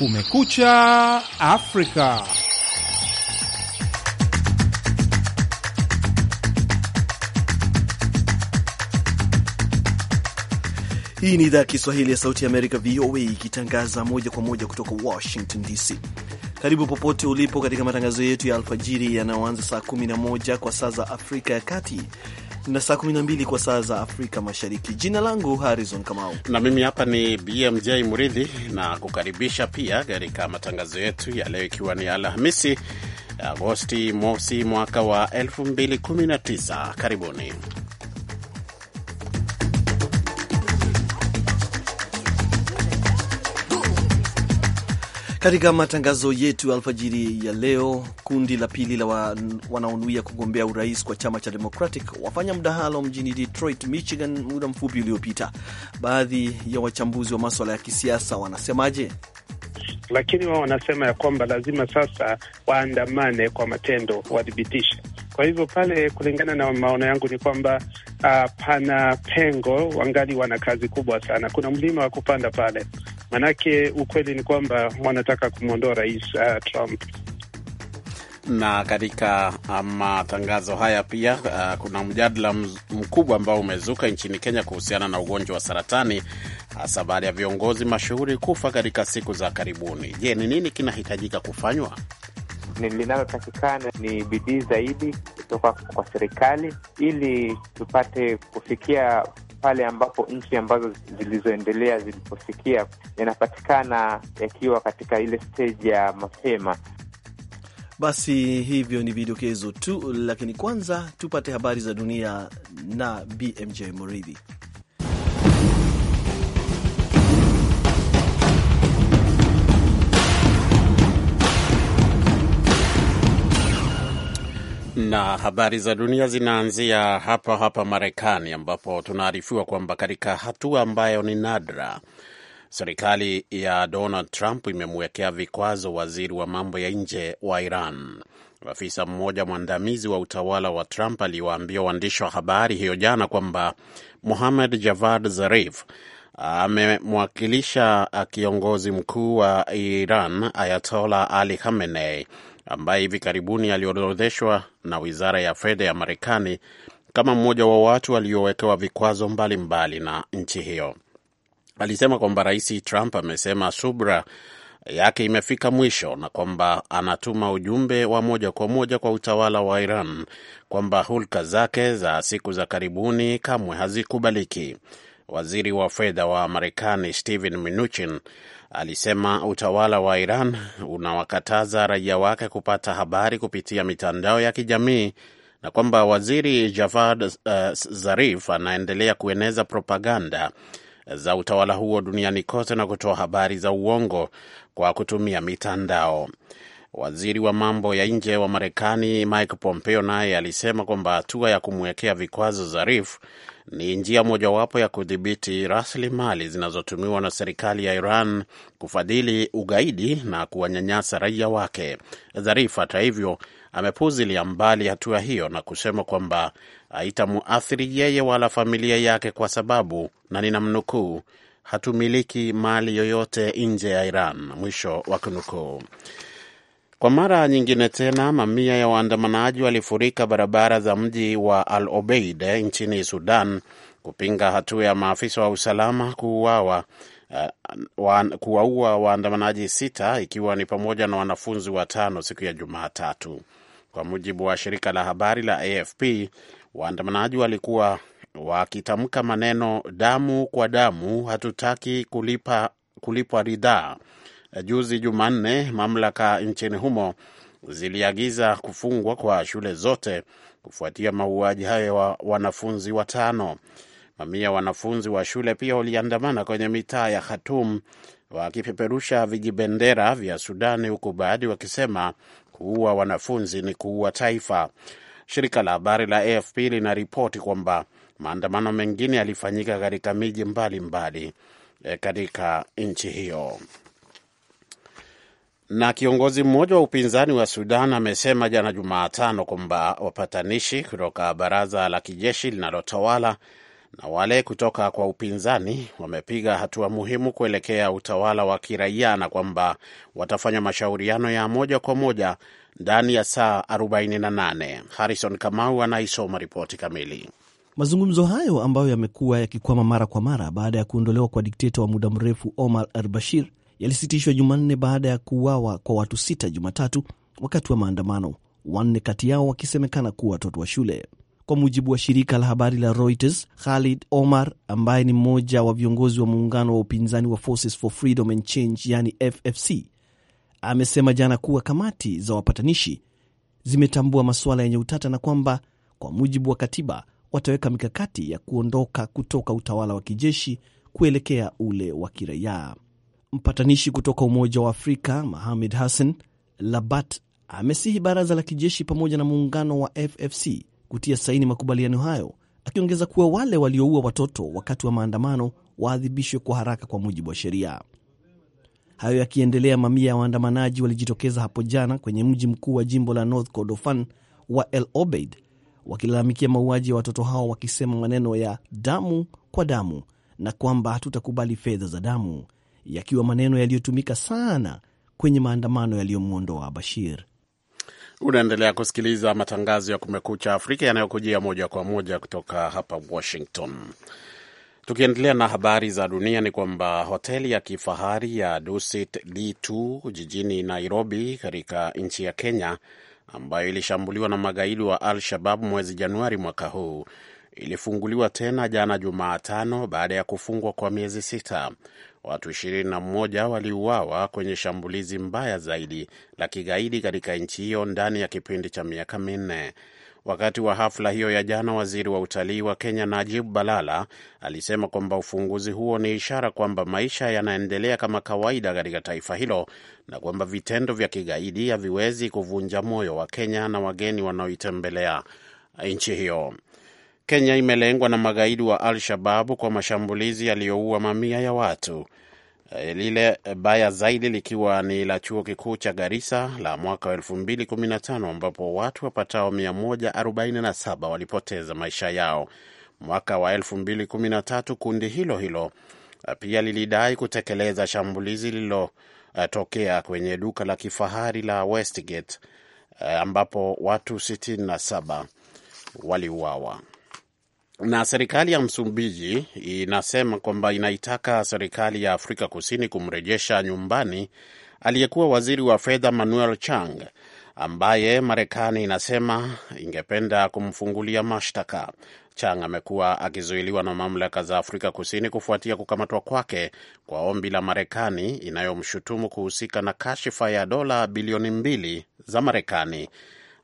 Kumekucha Afrika. Hii ni idhaa ya Kiswahili ya Sauti ya Amerika, VOA, ikitangaza moja kwa moja kutoka Washington DC. Karibu popote ulipo katika matangazo yetu ya alfajiri yanayoanza saa 11 kwa saa za Afrika ya Kati na saa 12 kwa saa za Afrika Mashariki. Jina langu Harrison Kamau na mimi hapa ni BMJ Muridhi na kukaribisha pia katika matangazo yetu ya leo, ikiwa ni Alhamisi Agosti mosi mwaka wa 2019. Karibuni. Katika matangazo yetu alfajiri ya leo, kundi la pili la wanaonuia kugombea urais kwa chama cha Democratic wafanya mdahalo mjini Detroit, Michigan, muda mfupi uliopita. Baadhi ya wachambuzi wa maswala ya kisiasa wanasemaje? Lakini wao wanasema ya kwamba lazima sasa waandamane kwa matendo, wathibitishe. Kwa hivyo pale, kulingana na maono yangu ni kwamba uh, pana pengo, wangali wana kazi kubwa sana, kuna mlima wa kupanda pale. Manake ukweli ni kwamba wanataka kumwondoa rais uh, Trump na katika uh, matangazo haya pia uh, kuna mjadala mkubwa ambao umezuka nchini Kenya kuhusiana na ugonjwa wa saratani, hasa baada ya viongozi mashuhuri kufa katika siku za karibuni. Je, ni nini kinahitajika kufanywa? Linalotakikana ni bidii zaidi kutoka kwa serikali ili tupate kufikia pale ambapo nchi ambazo zilizoendelea zilipofikia yanapatikana yakiwa katika ile steji ya mapema. Basi hivyo ni vidokezo tu, lakini kwanza tupate habari za dunia na BMJ Muridhi. Na habari za dunia zinaanzia hapa hapa Marekani, ambapo tunaarifiwa kwamba katika hatua ambayo ni nadra, serikali ya Donald Trump imemwekea vikwazo waziri wa mambo ya nje wa Iran. Afisa mmoja mwandamizi wa utawala wa Trump aliwaambia waandishi wa habari hiyo jana kwamba muhamed Javad Zarif amemwakilisha kiongozi mkuu wa Iran Ayatola Ali Khamenei ambaye hivi karibuni aliorodheshwa na wizara ya fedha ya Marekani kama mmoja wa watu waliowekewa vikwazo mbalimbali na nchi hiyo. Alisema kwamba Rais Trump amesema subra yake imefika mwisho na kwamba anatuma ujumbe wa moja kwa moja kwa utawala wa Iran kwamba hulka zake za siku za karibuni kamwe hazikubaliki waziri wa fedha wa Marekani Steven Mnuchin alisema utawala wa Iran unawakataza raia wake kupata habari kupitia mitandao ya kijamii na kwamba waziri Javad uh, Zarif anaendelea kueneza propaganda za utawala huo duniani kote na kutoa habari za uongo kwa kutumia mitandao. Waziri wa mambo ya nje wa Marekani Mike Pompeo naye alisema kwamba hatua ya kumwekea vikwazo Zarif ni njia mojawapo ya kudhibiti rasilimali zinazotumiwa na serikali ya Iran kufadhili ugaidi na kuwanyanyasa raia wake. Zarif hata hivyo amepuzilia mbali hatua hiyo na kusema kwamba haitamuathiri yeye wala familia yake kwa sababu, na ninamnukuu, hatumiliki mali yoyote nje ya Iran, mwisho wa kunukuu. Kwa mara nyingine tena, mamia ya waandamanaji walifurika barabara za mji wa Al Obeid eh, nchini Sudan kupinga hatua ya maafisa wa usalama kuuawa eh, kuwaua waandamanaji sita ikiwa ni pamoja na wanafunzi watano siku ya Jumatatu, kwa mujibu wa shirika la habari la AFP. Waandamanaji walikuwa wakitamka maneno damu kwa damu, hatutaki kulipa kulipwa ridhaa, Eh, juzi Jumanne, mamlaka nchini humo ziliagiza kufungwa kwa shule zote kufuatia mauaji hayo ya wa wanafunzi watano. Mamia wanafunzi wa shule pia waliandamana kwenye mitaa ya Khartoum wakipeperusha vijibendera vya Sudani, huku baadhi wakisema kuua wanafunzi ni kuua taifa. Shirika la habari la AFP linaripoti kwamba maandamano mengine yalifanyika katika miji mbalimbali eh, katika nchi hiyo. Na kiongozi mmoja wa upinzani wa Sudan amesema jana Jumatano kwamba wapatanishi kutoka baraza la kijeshi linalotawala na wale kutoka kwa upinzani wamepiga hatua muhimu kuelekea utawala wa kiraia na kwamba watafanya mashauriano ya moja kwa moja ndani ya saa 48. Harrison Kamau anaisoma ripoti kamili. Mazungumzo hayo ambayo yamekuwa yakikwama mara kwa mara baada ya kuondolewa kwa dikteta wa muda mrefu Omar al Bashir yalisitishwa Jumanne baada ya kuuawa kwa watu sita Jumatatu wakati wa maandamano, wanne kati yao wakisemekana kuwa watoto wa shule. Kwa mujibu wa shirika la habari la Reuters, Khalid Omar ambaye ni mmoja wa viongozi wa muungano wa upinzani wa Forces for Freedom and Change, yani FFC, amesema jana kuwa kamati za wapatanishi zimetambua masuala yenye utata na kwamba kwa mujibu wa katiba wataweka mikakati ya kuondoka kutoka utawala wa kijeshi kuelekea ule wa kiraia. Mpatanishi kutoka Umoja wa Afrika Mohamed Hassan Labat amesihi baraza la kijeshi pamoja na muungano wa FFC kutia saini makubaliano hayo, akiongeza kuwa wale walioua watoto wakati wa maandamano waadhibishwe kwa haraka kwa mujibu wa sheria. Hayo yakiendelea, mamia ya waandamanaji walijitokeza hapo jana kwenye mji mkuu wa jimbo la North Kordofan wa El Obeid wakilalamikia mauaji ya watoto hao wakisema maneno ya damu kwa damu na kwamba hatutakubali fedha za damu yakiwa maneno yaliyotumika sana kwenye maandamano yaliyomwondoa Bashir. Unaendelea kusikiliza matangazo ya Kumekucha Afrika yanayokujia moja kwa moja kutoka hapa Washington. Tukiendelea na habari za dunia, ni kwamba hoteli ya kifahari ya Dusit D2 jijini Nairobi katika nchi ya Kenya, ambayo ilishambuliwa na magaidi wa Al Shabab mwezi Januari mwaka huu, ilifunguliwa tena jana Jumatano baada ya kufungwa kwa miezi sita watu na mmoja waliuawa kwenye shambulizi mbaya zaidi la kigaidi katika nchi hiyo ndani ya kipindi cha miaka minne. Wakati wa hafla hiyo ya jana, waziri wa utalii wa Kenya Najib Balala alisema kwamba ufunguzi huo ni ishara kwamba maisha yanaendelea kama kawaida katika taifa hilo na kwamba vitendo vya kigaidi haviwezi kuvunja moyo wa Kenya na wageni wanaoitembelea nchi hiyo. Kenya imelengwa na magaidi wa Al-Shababu kwa mashambulizi yaliyoua mamia ya watu, eh, lile baya zaidi likiwa ni la chuo kikuu cha Garissa la mwaka wa 2015 ambapo watu wapatao 147 walipoteza maisha yao. Mwaka wa 2013 kundi hilo hilo eh, pia lilidai kutekeleza shambulizi lililotokea kwenye duka la kifahari la Westgate eh, ambapo watu 67 waliuawa na serikali ya Msumbiji inasema kwamba inaitaka serikali ya Afrika Kusini kumrejesha nyumbani aliyekuwa waziri wa fedha Manuel Chang ambaye Marekani inasema ingependa kumfungulia mashtaka. Chang amekuwa akizuiliwa na mamlaka za Afrika Kusini kufuatia kukamatwa kwake kwa ombi la Marekani inayomshutumu kuhusika na kashifa ya dola bilioni mbili za Marekani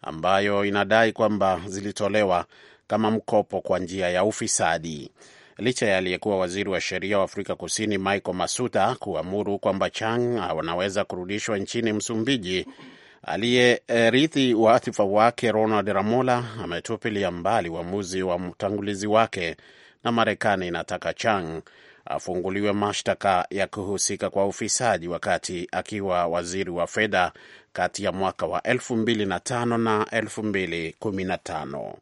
ambayo inadai kwamba zilitolewa kama mkopo kwa njia ya ufisadi. Licha ya aliyekuwa waziri wa sheria wa Afrika Kusini Michael Masuta kuamuru kwamba Chang anaweza kurudishwa nchini Msumbiji, aliyerithi wadhifa wake Ronald Ramola ametupilia mbali uamuzi wa mtangulizi wake, na Marekani inataka Chang afunguliwe mashtaka ya kuhusika kwa ufisadi wakati akiwa waziri wa fedha kati ya mwaka wa 2005 na 2015.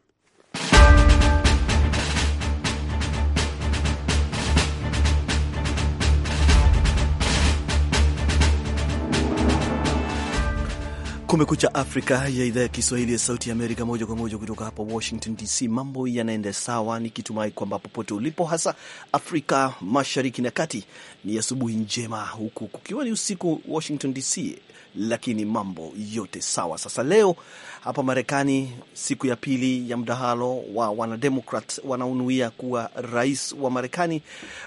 Kumekucha Afrika ya idhaa ya Kiswahili ya Sauti ya Amerika, moja kwa moja kutoka hapa Washington DC. Mambo yanaenda sawa, nikitumai kwamba popote ulipo, hasa Afrika Mashariki na Kati, ni asubuhi njema, huku kukiwa ni usiku Washington DC lakini mambo yote sawa. Sasa leo hapa Marekani, siku ya pili ya mdahalo wa wanademokrat wanaonuia kuwa rais wa Marekani,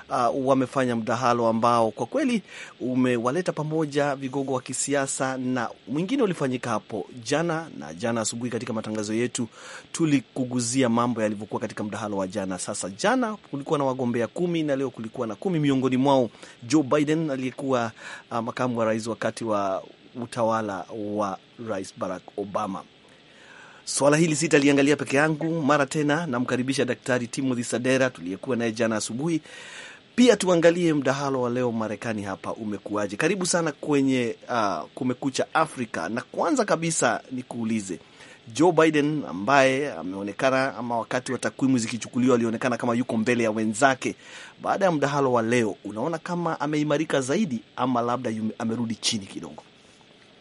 uh, wamefanya mdahalo ambao kwa kweli umewaleta pamoja vigogo wa kisiasa, na mwingine ulifanyika hapo jana na jana asubuhi. Katika matangazo yetu tulikuguzia mambo yalivyokuwa katika mdahalo wa jana. Sasa jana kulikuwa na wagombea kumi na leo kulikuwa na kumi, miongoni mwao Joe Biden aliyekuwa uh, makamu wa rais wakati wa utawala wa Rais Barack Obama. Swala hili sitaliangalia peke yangu. Mara tena namkaribisha Daktari Timothy Sadera tuliyekuwa naye jana asubuhi. Pia tuangalie mdahalo wa leo Marekani hapa umekuwaje? Karibu sana kwenye uh, Kumekucha Afrika, na kwanza kabisa nikuulize Joe Biden ambaye ameonekana ama wakati wa takwimu zikichukuliwa alionekana kama yuko mbele ya wenzake. Baada ya mdahalo wa leo, unaona kama ameimarika zaidi ama labda yume, amerudi chini kidogo?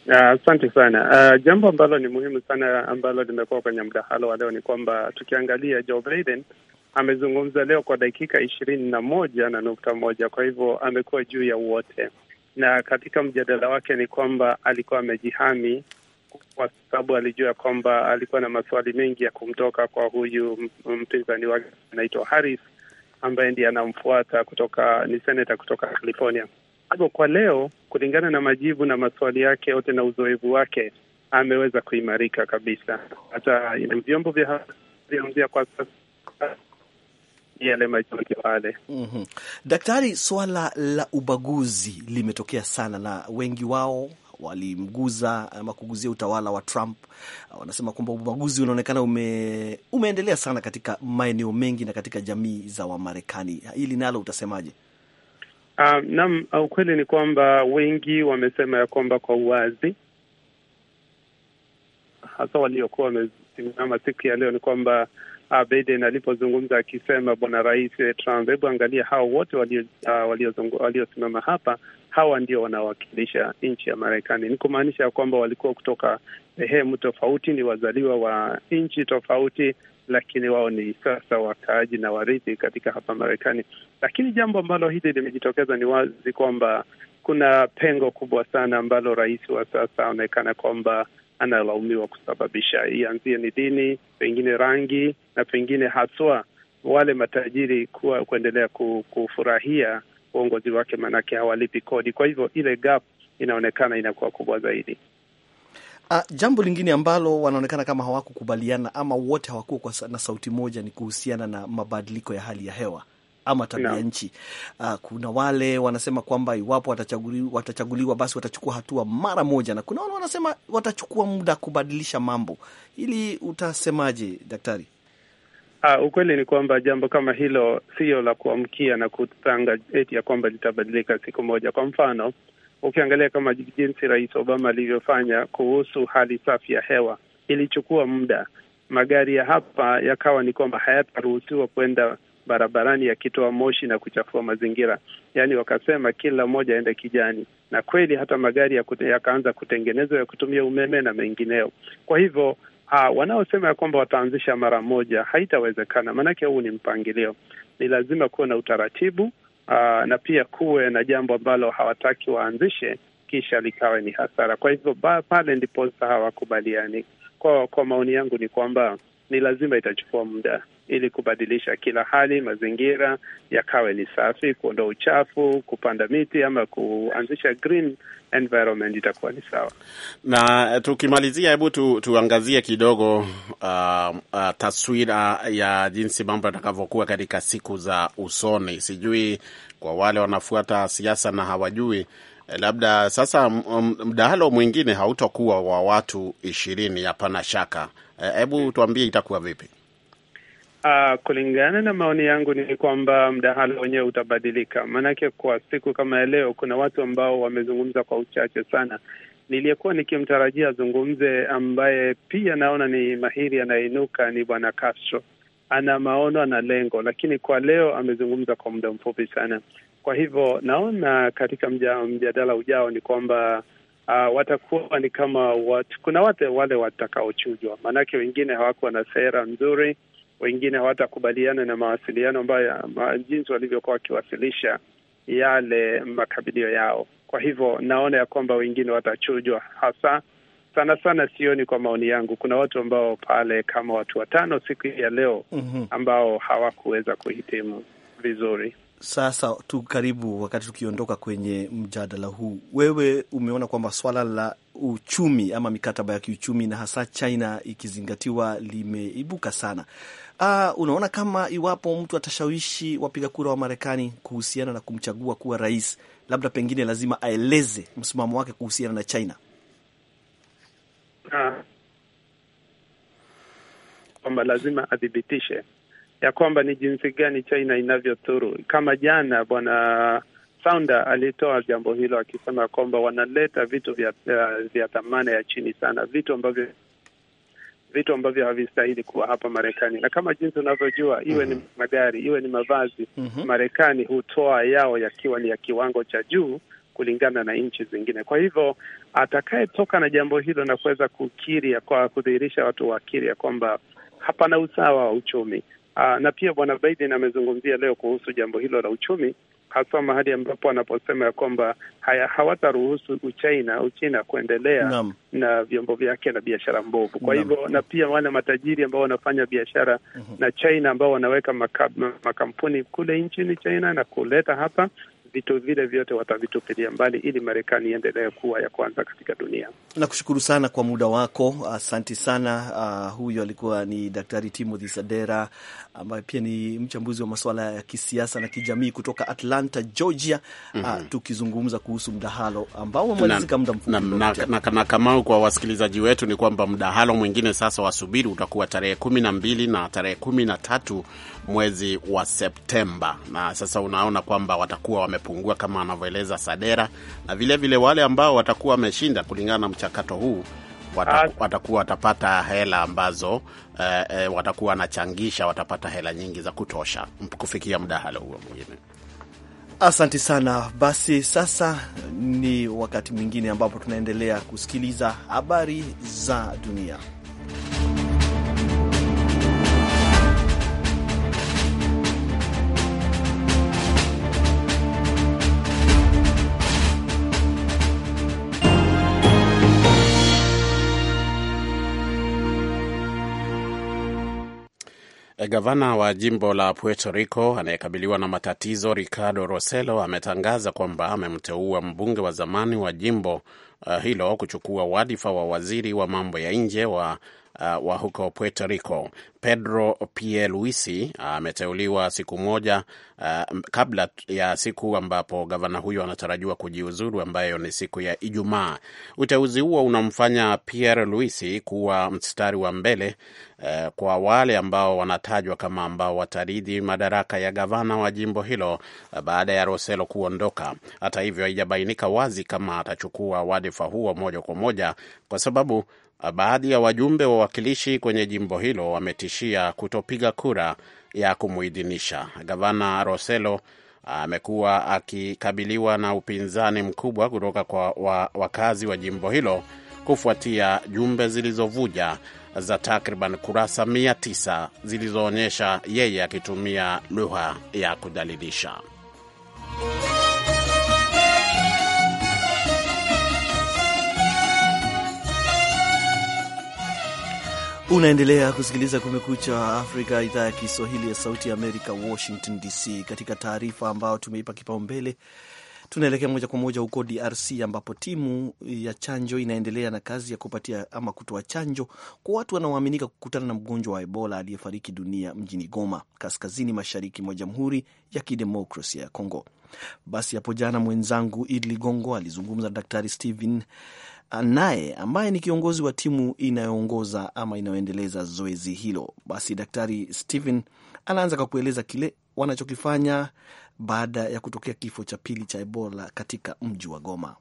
Ah, asante uh, sana. Uh, jambo ambalo ni muhimu sana ambalo limekuwa kwenye mdahalo wa leo ni kwamba tukiangalia Joe Biden amezungumza leo kwa dakika ishirini na moja na nukta moja kwa hivyo amekuwa juu ya wote, na katika mjadala wake ni kwamba alikuwa amejihami kwa sababu alijua kwamba alikuwa na maswali mengi ya kumtoka kwa huyu mpinzani wake anaitwa Harris ambaye ndiye anamfuata kutoka, ni seneta kutoka California. Chicago kwa leo, kulingana na majibu na maswali yake yote na uzoefu wake, ameweza kuimarika kabisa. Hata vyombo vya habari kwa sasa yale majonge pale. mm -hmm. Daktari, swala la ubaguzi limetokea sana na wengi wao walimguza ama kuguzia utawala wa Trump. Wanasema kwamba ubaguzi unaonekana ume, umeendelea sana katika maeneo mengi na katika jamii za Wamarekani. Hili nalo utasemaje? Uh, ah, ukweli ni kwamba wengi wamesema ya kwamba kwa uwazi, hasa waliokuwa wamesimama siku ya leo ni kwamba uh, Biden alipozungumza akisema, bwana Rais Trump, hebu angalia hao wote ah, waliosimama uh, walio hapa, hawa ndio wanawakilisha nchi ya Marekani. Ni kumaanisha ya kwamba walikuwa kutoka sehemu tofauti, ni wazaliwa wa nchi tofauti lakini wao ni sasa wakaaji na warithi katika hapa Marekani. Lakini jambo ambalo hili limejitokeza, ni wazi kwamba kuna pengo kubwa sana ambalo rais wa sasa aonekana kwamba analaumiwa kusababisha, ianzie ni dini, pengine rangi, na pengine haswa wale matajiri kuwa kuendelea kufurahia uongozi wake, maanake hawalipi kodi. Kwa hivyo ile gap inaonekana inakuwa kubwa zaidi. A, ah, jambo lingine ambalo wanaonekana kama hawakukubaliana ama wote hawakuwa na sauti moja ni kuhusiana na mabadiliko ya hali ya hewa ama tabia no. nchi. Uh, kuna wale wanasema kwamba iwapo watachaguliwa, watachaguliwa basi watachukua hatua mara moja, na kuna wale wanasema watachukua muda kubadilisha mambo. ili utasemaje daktari? Uh, ukweli ni kwamba jambo kama hilo sio la kuamkia na kutanga eti ya kwamba litabadilika siku moja. Kwa mfano ukiangalia kama jinsi Rais Obama alivyofanya kuhusu hali safi ya hewa, ilichukua muda. Magari ya hapa yakawa ni kwamba hayataruhusiwa kwenda barabarani yakitoa moshi na kuchafua mazingira. Yaani wakasema kila mmoja aende kijani, na kweli hata magari yakaanza kutengenezwa ya kutumia umeme na mengineo. Kwa hivyo wanaosema ya kwamba wataanzisha mara moja haitawezekana, maanake huu ni mpangilio. Ni lazima kuwa na utaratibu uh, na pia kuwe na jambo ambalo hawataki waanzishe kisha likawe ni hasara. Kwa hivyo pale ndipo sasa hawakubaliani. Kwa, kwa maoni yangu ni kwamba ni lazima itachukua muda ili kubadilisha kila hali, mazingira yakawe ni safi, kuondoa uchafu, kupanda miti ama kuanzisha green environment itakuwa ni sawa. Na tukimalizia, hebu tu, tuangazie kidogo uh, uh, taswira ya jinsi mambo yatakavyokuwa katika siku za usoni. Sijui kwa wale wanafuata siasa na hawajui eh, labda sasa mdahalo mwingine hautakuwa wa watu ishirini, hapana shaka Eh, hebu tuambie itakuwa vipi? Uh, kulingana na maoni yangu ni kwamba mdahalo wenyewe utabadilika, maanake kwa siku kama ya leo kuna watu ambao wamezungumza kwa uchache sana. Niliyekuwa nikimtarajia azungumze, ambaye pia naona ni mahiri anayeinuka, ni bwana Castro. Ana maono, ana lengo, lakini kwa leo amezungumza kwa muda mfupi sana. Kwa hivyo naona katika mja, mjadala ujao ni kwamba uh, watakuwa ni kama watu, kuna wate wale watakaochujwa, maanake wengine hawakuwa na sera nzuri, wengine hawatakubaliana na mawasiliano ambayo jinsi walivyokuwa wakiwasilisha yale makabilio yao. Kwa hivyo naona ya kwamba wengine watachujwa hasa sana sana, sioni. Kwa maoni yangu, kuna watu ambao pale kama watu watano siku hii ya leo mhm. ambao hawakuweza kuhitimu vizuri sasa tu karibu wakati tukiondoka kwenye mjadala huu, wewe umeona kwamba swala la uchumi ama mikataba ya kiuchumi na hasa China ikizingatiwa limeibuka sana. Aa, ah, unaona kama iwapo mtu atashawishi wapiga kura wa Marekani kuhusiana na kumchagua kuwa rais, labda pengine lazima aeleze msimamo wake kuhusiana na China ah, kwamba lazima athibitishe ya kwamba ni jinsi gani China inavyothuru Kama jana bwana Founder alitoa jambo hilo akisema kwamba wanaleta vitu vya vya thamani ya chini sana, vitu ambavyo vitu ambavyo havistahili kuwa hapa Marekani, na kama jinsi unavyojua, iwe mm -hmm. ni mhm. magari iwe ni mavazi mm -hmm. Marekani hutoa yao yakiwa ni ya kiwango cha juu kulingana na nchi zingine. Kwa hivyo atakayetoka na jambo hilo na kuweza kukiri kwa kudhihirisha watu wakiri ya kwamba hapana usawa wa uchumi Aa, ah, na pia bwana Biden amezungumzia leo kuhusu jambo hilo la uchumi, hasa mahali ambapo anaposema ya kwamba hawataruhusu Uchina Uchina kuendelea Nam. na vyombo vyake na biashara mbovu. Kwa hivyo na pia wale matajiri ambao wanafanya biashara uh mhm. -huh. na China ambao wanaweka makampuni kule nchini China na kuleta hapa vitu vile vyote watavitupilia mbali ili Marekani iendelee kuwa ya kwanza katika dunia. Nakushukuru sana kwa muda wako, asante sana. Uh, huyo alikuwa ni Daktari Timothy Sadera ambaye pia ni mchambuzi wa masuala ya kisiasa na kijamii kutoka Atlanta, Georgia. mm -hmm. Uh, tukizungumza kuhusu mdahalo ambao umemalizika muda mfupi na, na, na, na Kamau, kwa wasikilizaji wetu ni kwamba mdahalo mwingine sasa wasubiri utakuwa tarehe kumi na mbili na tarehe kumi na tatu mwezi wa Septemba, na sasa unaona kwamba watakuwa wame kupungua kama anavyoeleza Sadera, na vilevile vile wale ambao watakuwa wameshinda kulingana na mchakato huu wataku, ah. watakuwa watapata hela ambazo eh, eh, watakuwa wanachangisha, watapata hela nyingi za kutosha kufikia mdahalo huo mwingine. Asanti sana. Basi sasa ni wakati mwingine ambapo tunaendelea kusikiliza habari za dunia. Gavana wa jimbo la Puerto Rico anayekabiliwa na matatizo Ricardo Rossello ametangaza kwamba amemteua mbunge wa zamani wa jimbo uh, hilo kuchukua wadhifa wa waziri wa mambo ya nje wa Uh, wa huko Puerto Rico Pedro Pierluisi uh, ameteuliwa siku moja uh, kabla ya siku ambapo gavana huyo anatarajiwa kujiuzuru ambayo ni siku ya Ijumaa. Uteuzi huo unamfanya Pierluisi kuwa mstari wa mbele uh, kwa wale ambao wanatajwa kama ambao watarithi madaraka ya gavana wa jimbo hilo uh, baada ya Roselo kuondoka. Hata hivyo, haijabainika wazi kama atachukua wadhifa huo moja kwa moja kwa sababu Baadhi ya wajumbe wa wakilishi kwenye jimbo hilo wametishia kutopiga kura ya kumuidhinisha. Gavana Roselo amekuwa akikabiliwa na upinzani mkubwa kutoka kwa wa, wakazi wa jimbo hilo kufuatia jumbe zilizovuja za takriban kurasa 900 zilizoonyesha yeye akitumia lugha ya kudhalilisha. Unaendelea kusikiliza Kumekucha Afrika, idhaa ya Kiswahili ya Sauti ya Amerika, Washington DC. Katika taarifa ambayo tumeipa kipaumbele, tunaelekea moja kwa moja huko DRC ambapo timu ya chanjo inaendelea na kazi ya kupatia ama kutoa chanjo kwa watu wanaoaminika kukutana na mgonjwa wa Ebola aliyefariki dunia mjini Goma, kaskazini mashariki mwa Jamhuri ya Kidemokrasia ya Kongo. Basi hapo jana mwenzangu idli Ligongo alizungumza na Daktari Steven naye ambaye ni kiongozi wa timu inayoongoza ama inayoendeleza zoezi hilo. Basi Daktari Stephen anaanza kwa kueleza kile wanachokifanya baada ya kutokea kifo cha pili cha Ebola katika mji wa Goma.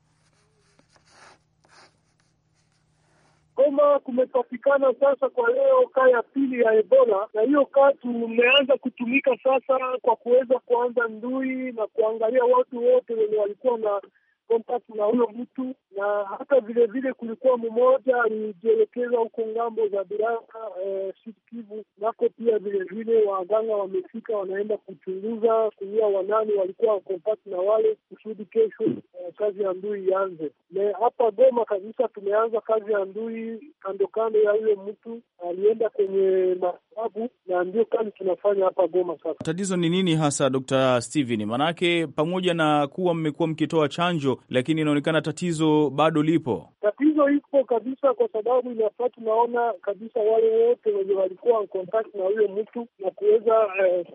Goma kumepatikana sasa kwa leo kaa ya pili ya Ebola, na hiyo kaa tumeanza kutumika sasa kwa kuweza kuanza ndui na kuangalia watu wote wenye walikuwa na contact na huyo mtu, na hata vilevile kulikuwa mmoja alijielekeza huko ngambo za Biraka e, eh, Sud-Kivu, nako pia vile vile waganga wamefika, wanaenda kuchunguza kuia wanani walikuwa contact na wale kusudi kesho e, kazi ya ndui ianze. Na hapa Goma kabisa tumeanza kazi ya ndui kando kando ya huyo mtu alienda kwenye mababu na ndio kazi tunafanya hapa Goma. Sasa tatizo ni nini hasa, Dr. Steven? Maanake pamoja na kuwa mmekuwa mkitoa chanjo, lakini inaonekana tatizo bado lipo. Tatizo ipo kabisa, kwa sababu inafaa tunaona kabisa wale wote wenye walikuwa in contact na huyo mtu na kuweza eh,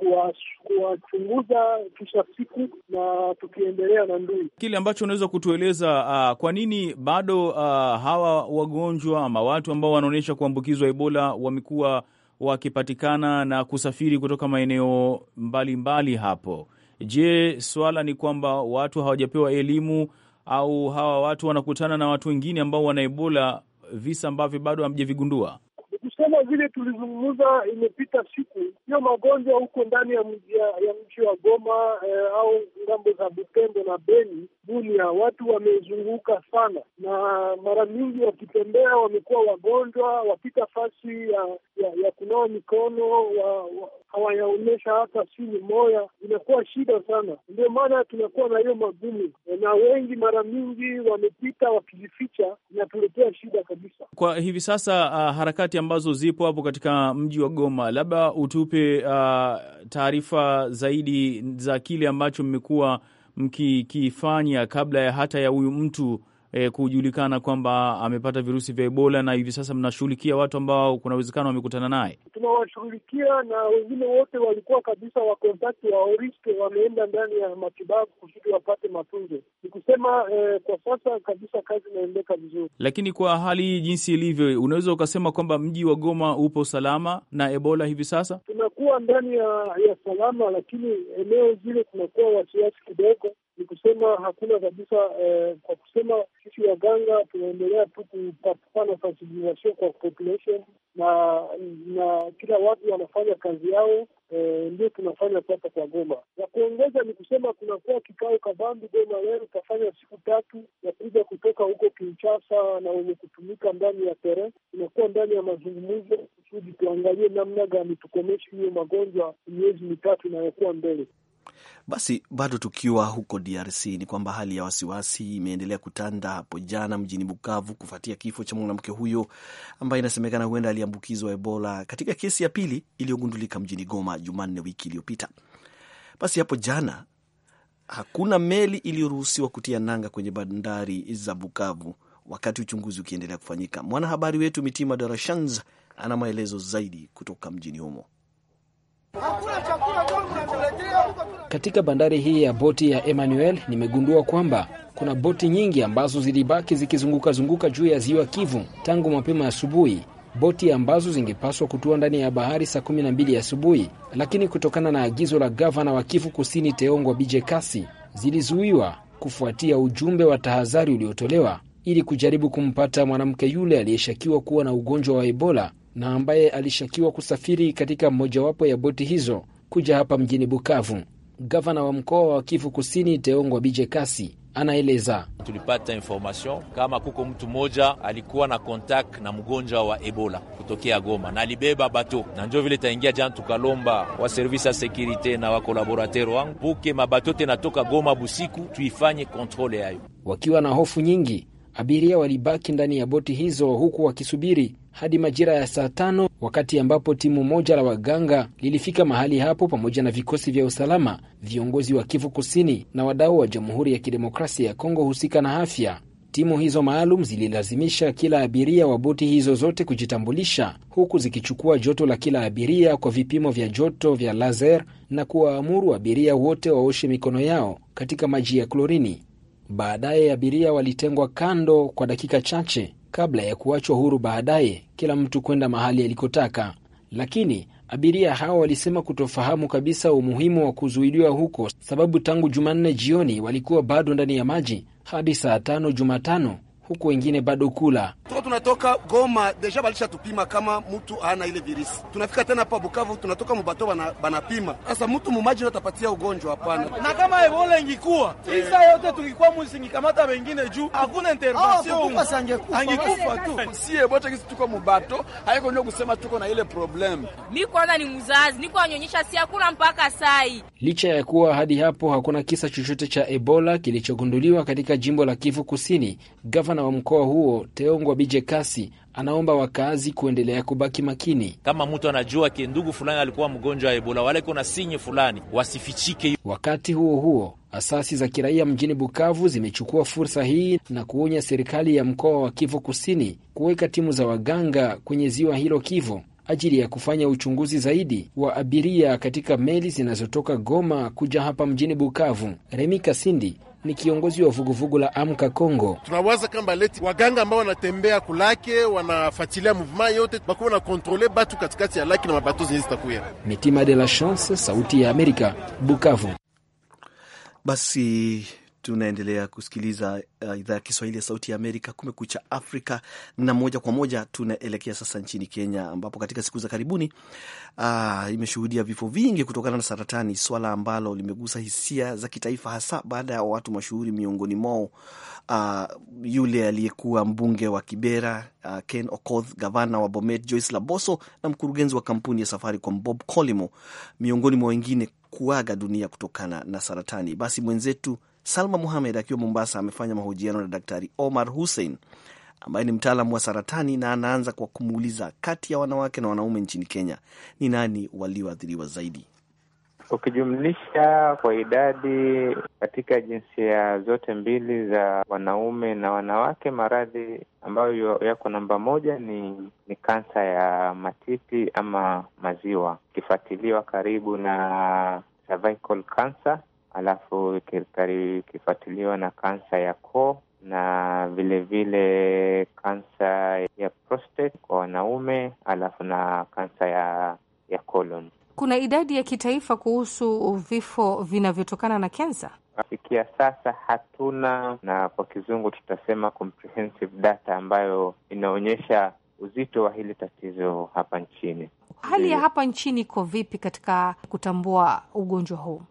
kuwachunguza kisha siku na tukiendelea na ndui. Kile ambacho unaweza kutueleza, uh, kwa nini bado uh, hawa wagonjwa ama watu ambao wanaonyesha kuambukizwa Ebola wamekuwa wakipatikana na kusafiri kutoka maeneo mbalimbali hapo. Je, swala ni kwamba watu hawajapewa elimu au hawa watu wanakutana na watu wengine ambao wana Ebola, visa ambavyo bado hamjavigundua? kusema vile tulizungumza, imepita siku hiyo, magonjwa huko ndani ya mji ya mji wa Goma eh, au ngambo za Butembo na Beni, Bunia, watu wamezunguka sana, na mara nyingi wakitembea wamekuwa wagonjwa, wapita fasi ya, ya, ya kunawa mikono wa, wa, hawayaonyesha hata sini moya, inakuwa shida sana. Ndio maana tunakuwa na hiyo magumu, na wengi mara mingi wamepita wakijificha, inatuletea shida kabisa kwa hivi sasa. Uh, harakati ambazo zipo hapo katika mji wa Goma, labda utupe uh, taarifa zaidi za kile ambacho mmekuwa mkikifanya kabla ya hata ya huyu mtu e, kujulikana kwamba amepata virusi vya Ebola na hivi sasa mnashughulikia watu ambao kuna uwezekano wamekutana naye? Tunawashughulikia na wengine wote walikuwa kabisa wa kontakti wa oriske wameenda ndani ya matibabu kusudi wapate matunzo. Ni kusema eh, kwa sasa kabisa kazi inaendeka vizuri, lakini kwa hali hii jinsi ilivyo, unaweza ukasema kwamba mji wa Goma upo salama na Ebola hivi sasa? Tunakuwa ndani ya, ya salama, lakini eneo zile kunakuwa wasiwasi kidogo ni kusema hakuna kabisa eh, kwa kusema sisi waganga tunaendelea tu kupatikana sensibilisation kwa population na na kila watu wanafanya kazi yao eh, ndio tunafanya sasa kwa Goma. Ya kuongeza ni kusema kunakuwa kikao kabambi Goma leo utafanya siku tatu ya kuja kutoka huko Kinshasa na wenye kutumika ndani ya tere, tunakuwa ndani ya mazungumzo kusudi tuangalie namna gani tukomeshe hiyo magonjwa miezi mitatu inayokuwa mbele. Basi bado tukiwa huko DRC ni kwamba hali ya wasiwasi imeendelea kutanda hapo jana mjini Bukavu kufuatia kifo cha mwanamke huyo ambaye inasemekana huenda aliambukizwa Ebola katika kesi ya pili iliyogundulika mjini Goma Jumanne wiki iliyopita. Basi hapo jana hakuna meli iliyoruhusiwa kutia nanga kwenye bandari za Bukavu wakati uchunguzi ukiendelea kufanyika. Mwanahabari wetu Mitima Darashans ana maelezo zaidi kutoka mjini humo. Katika bandari hii ya boti ya Emmanuel nimegundua kwamba kuna boti nyingi ambazo zilibaki zikizunguka zunguka juu ya ziwa Kivu tangu mapema asubuhi, boti ambazo zingepaswa kutua ndani ya bahari saa 12 asubuhi, lakini kutokana na agizo la gavana wa Kivu Kusini Teongwa Bije Kasi zilizuiwa kufuatia ujumbe wa tahadhari uliotolewa ili kujaribu kumpata mwanamke yule aliyeshakiwa kuwa na ugonjwa wa Ebola na ambaye alishakiwa kusafiri katika mojawapo ya boti hizo kuja hapa mjini Bukavu. Gavana wa mkoa wa Kivu Kusini Teongwa Bije Kasi anaeleza tulipata information kama kuko mtu mmoja alikuwa na kontakt na mgonjwa wa Ebola kutokea Goma na alibeba bato, na njo vile taingia jana, tukalomba wa service ya sekurite na wakolaborater wangu puke mabato tenatoka Goma busiku tuifanye kontrole yayo. Wakiwa na hofu nyingi, abiria walibaki ndani ya boti hizo huku wakisubiri hadi majira ya saa tano wakati ambapo timu moja la waganga lilifika mahali hapo pamoja na vikosi vya usalama, viongozi wa Kivu Kusini na wadau wa Jamhuri ya Kidemokrasia ya Kongo husika na afya. Timu hizo maalum zililazimisha kila abiria wa boti hizo zote kujitambulisha, huku zikichukua joto la kila abiria kwa vipimo vya joto vya laser na kuwaamuru abiria wote waoshe mikono yao katika maji ya klorini. Baadaye abiria walitengwa kando kwa dakika chache kabla ya kuachwa huru baadaye, kila mtu kwenda mahali alikotaka. Lakini abiria hawa walisema kutofahamu kabisa umuhimu wa kuzuiliwa huko, sababu tangu Jumanne jioni walikuwa bado ndani ya maji hadi saa tano Jumatano huku wengine bado kula. Tuko tunatoka Goma deja balisha tupima kama mtu ana ile virisi, tunafika tena hapa Bukavu, tunatoka mubato banapima bana, banapima sasa mtu mumaji atapatia ugonjwa hapana. Na kama Ebola ingikuwa eh. isa yote tungikuwa musingikamata wengine juu hakuna intervention ah, angekufa tu, eh, si Ebola kisi tuko mubato haiko ndio kusema tuko na ile problem. Mimi kwanza ni mzazi niko anyonyesha, si hakuna mpaka sai. Licha ya kuwa hadi hapo hakuna kisa chochote cha Ebola kilichogunduliwa katika jimbo la Kivu Kusini, gavana Gavana wa mkoa huo Teongwa Bije Kasi anaomba wakazi kuendelea kubaki makini. Kama mtu anajua ki ndugu fulani alikuwa mgonjwa wa Ebola, wale kuna sinye fulani wasifichike. Wakati huo huo, asasi za kiraia mjini Bukavu zimechukua fursa hii na kuonya serikali ya mkoa wa Kivu Kusini kuweka timu za waganga kwenye ziwa hilo Kivu ajili ya kufanya uchunguzi zaidi wa abiria katika meli zinazotoka Goma kuja hapa mjini Bukavu. Remi Kasindi ni kiongozi wa vuguvugu la Amka Kongo. Tunawaza kamba leti waganga ambao wanatembea kulake wanafatilia movement yote bakuwa na kontrole batu katikati ya laki na mabato zenye zitakuya. Mitima de la Chance, Sauti ya Amerika, Bukavu. Basi Tunaendelea kusikiliza uh, idhaa ya Kiswahili ya Sauti ya Amerika, Kumekucha Afrika, na moja kwa moja tunaelekea sasa nchini Kenya, ambapo katika siku za karibuni uh, imeshuhudia vifo vingi kutokana na saratani, swala ambalo limegusa hisia za kitaifa, hasa baada ya watu mashuhuri, miongoni mwao uh, yule aliyekuwa mbunge wa Kibera uh, Ken Okoth, gavana wa Bomet Joyce Laboso na mkurugenzi wa kampuni ya Safaricom Bob Colimo, miongoni mwa wengine kuaga dunia kutokana na saratani. Basi mwenzetu Salma Muhamed akiwa Mombasa amefanya mahojiano na Daktari Omar Hussein ambaye ni mtaalamu wa saratani, na anaanza kwa kumuuliza kati ya wanawake na wanaume nchini Kenya ni nani walioathiriwa zaidi. Ukijumlisha kwa idadi katika jinsia zote mbili za wanaume na wanawake, maradhi ambayo yako namba moja ni ni kansa ya matiti ama maziwa, ikifuatiliwa karibu na cervical cancer alafu ikifuatiliwa na kansa ya koo na vilevile kansa ya prostate kwa wanaume, alafu na kansa ya ya colon. Kuna idadi ya kitaifa kuhusu vifo vinavyotokana na kensa? Kufikia sasa hatuna, na kwa kizungu tutasema comprehensive data ambayo inaonyesha uzito wa hili tatizo hapa nchini. Hali ya hapa nchini iko vipi katika kutambua ugonjwa huu?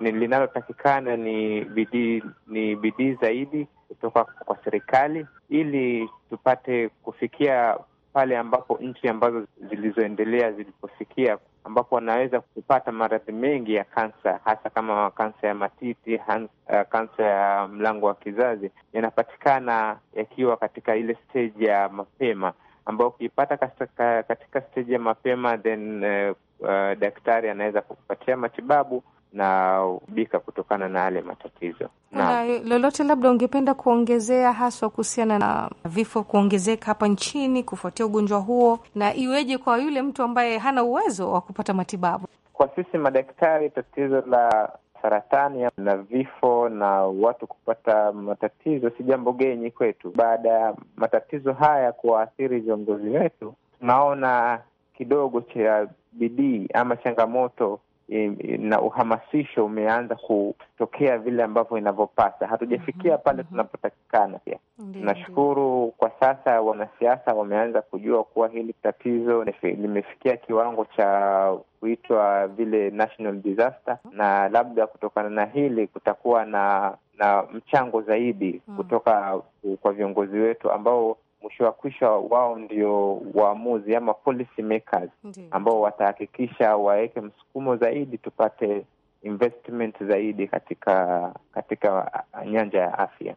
linalotakikana ni bidii ni bidii zaidi kutoka kwa serikali ili tupate kufikia pale ambapo nchi ambazo zilizoendelea zilipofikia, ambapo wanaweza kupata maradhi mengi ya kansa, hasa kama kansa ya matiti, eh, kansa ya mlango wa kizazi, yanapatikana yakiwa katika ile steji ya mapema, ambayo ukiipata katika steji ya mapema then uh, uh, daktari anaweza kupatia matibabu bika kutokana na yale matatizo. Na lolote labda ungependa kuongezea haswa kuhusiana na vifo kuongezeka hapa nchini kufuatia ugonjwa huo, na iweje kwa yule mtu ambaye hana uwezo wa kupata matibabu? Kwa sisi madaktari, tatizo la saratani na vifo na watu kupata matatizo si jambo genyi kwetu. Baada ya matatizo haya kuwaathiri viongozi wetu, tunaona kidogo cha bidii ama changamoto na uhamasisho umeanza kutokea vile ambavyo inavyopasa. Hatujafikia mm -hmm, pale mhm. tunapotakikana. Pia tunashukuru kwa sasa wanasiasa wameanza kujua kuwa hili tatizo limefikia kiwango cha kuitwa vile national disaster, mhm. na labda kutokana na hili kutakuwa na na mchango zaidi mm -hmm, kutoka kwa viongozi wetu ambao mwisho wa kwisha wao ndio waamuzi ama policy makers ambao watahakikisha waweke msukumo zaidi tupate investment zaidi katika katika nyanja ya afya.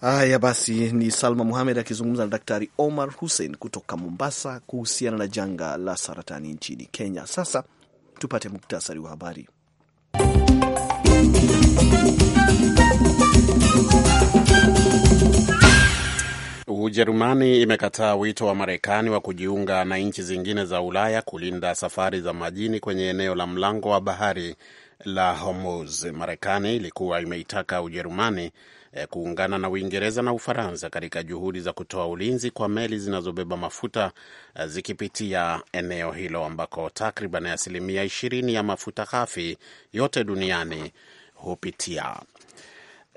Haya basi, ni Salma Muhamed akizungumza na Daktari Omar Hussein kutoka Mombasa kuhusiana na janga la saratani nchini Kenya. Sasa tupate muktasari wa habari. Ujerumani imekataa wito wa Marekani wa kujiunga na nchi zingine za Ulaya kulinda safari za majini kwenye eneo la mlango wa bahari la Hormuz. Marekani ilikuwa imeitaka Ujerumani eh, kuungana na Uingereza na Ufaransa katika juhudi za kutoa ulinzi kwa meli zinazobeba mafuta eh, zikipitia eneo hilo ambako takriban asilimia ishirini ya mafuta ghafi yote duniani hupitia.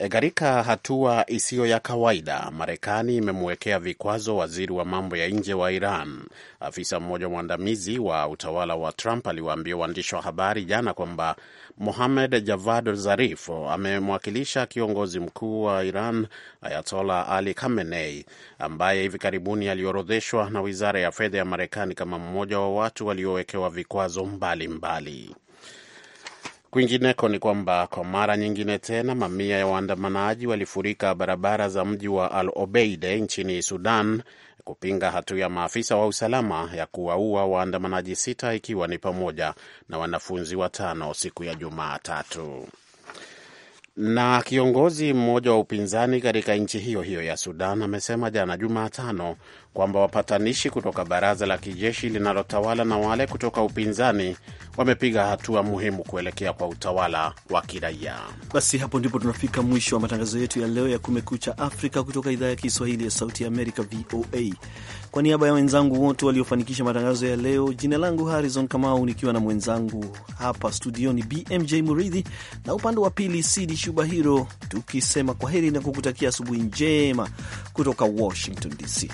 Eh, katika hatua isiyo ya kawaida, Marekani imemwekea vikwazo waziri wa mambo ya nje wa Iran. Afisa mmoja mwandamizi wa utawala wa Trump aliwaambia waandishi wa habari jana kwamba Mohamed Javad Zarif amemwakilisha kiongozi mkuu wa Iran Ayatola Ali Khamenei, ambaye hivi karibuni aliorodheshwa na wizara ya fedha ya Marekani kama mmoja wa watu waliowekewa vikwazo mbalimbali mbali. Kwingineko ni kwamba kwa mara nyingine tena mamia ya waandamanaji walifurika barabara za mji wa Al Obeide nchini Sudan kupinga hatua ya maafisa wa usalama ya kuwaua waandamanaji sita ikiwa ni pamoja na wanafunzi watano siku ya Jumatatu. Na kiongozi mmoja wa upinzani katika nchi hiyo hiyo ya Sudan amesema jana Jumatano kwamba wapatanishi kutoka baraza la kijeshi linalotawala na wale kutoka upinzani wamepiga hatua muhimu kuelekea kwa utawala wa kiraia. Basi hapo ndipo tunafika mwisho wa matangazo yetu ya leo ya Kumekucha Afrika kutoka idhaa ya Kiswahili ya Sauti ya Amerika, VOA. Kwa niaba ya wenzangu wote waliofanikisha matangazo ya leo, jina langu Harrison Kamau, nikiwa na mwenzangu hapa studioni BMJ Muridhi, na upande wa pili Sidi hiro tukisema kwa heri na kukutakia asubuhi njema kutoka Washington DC.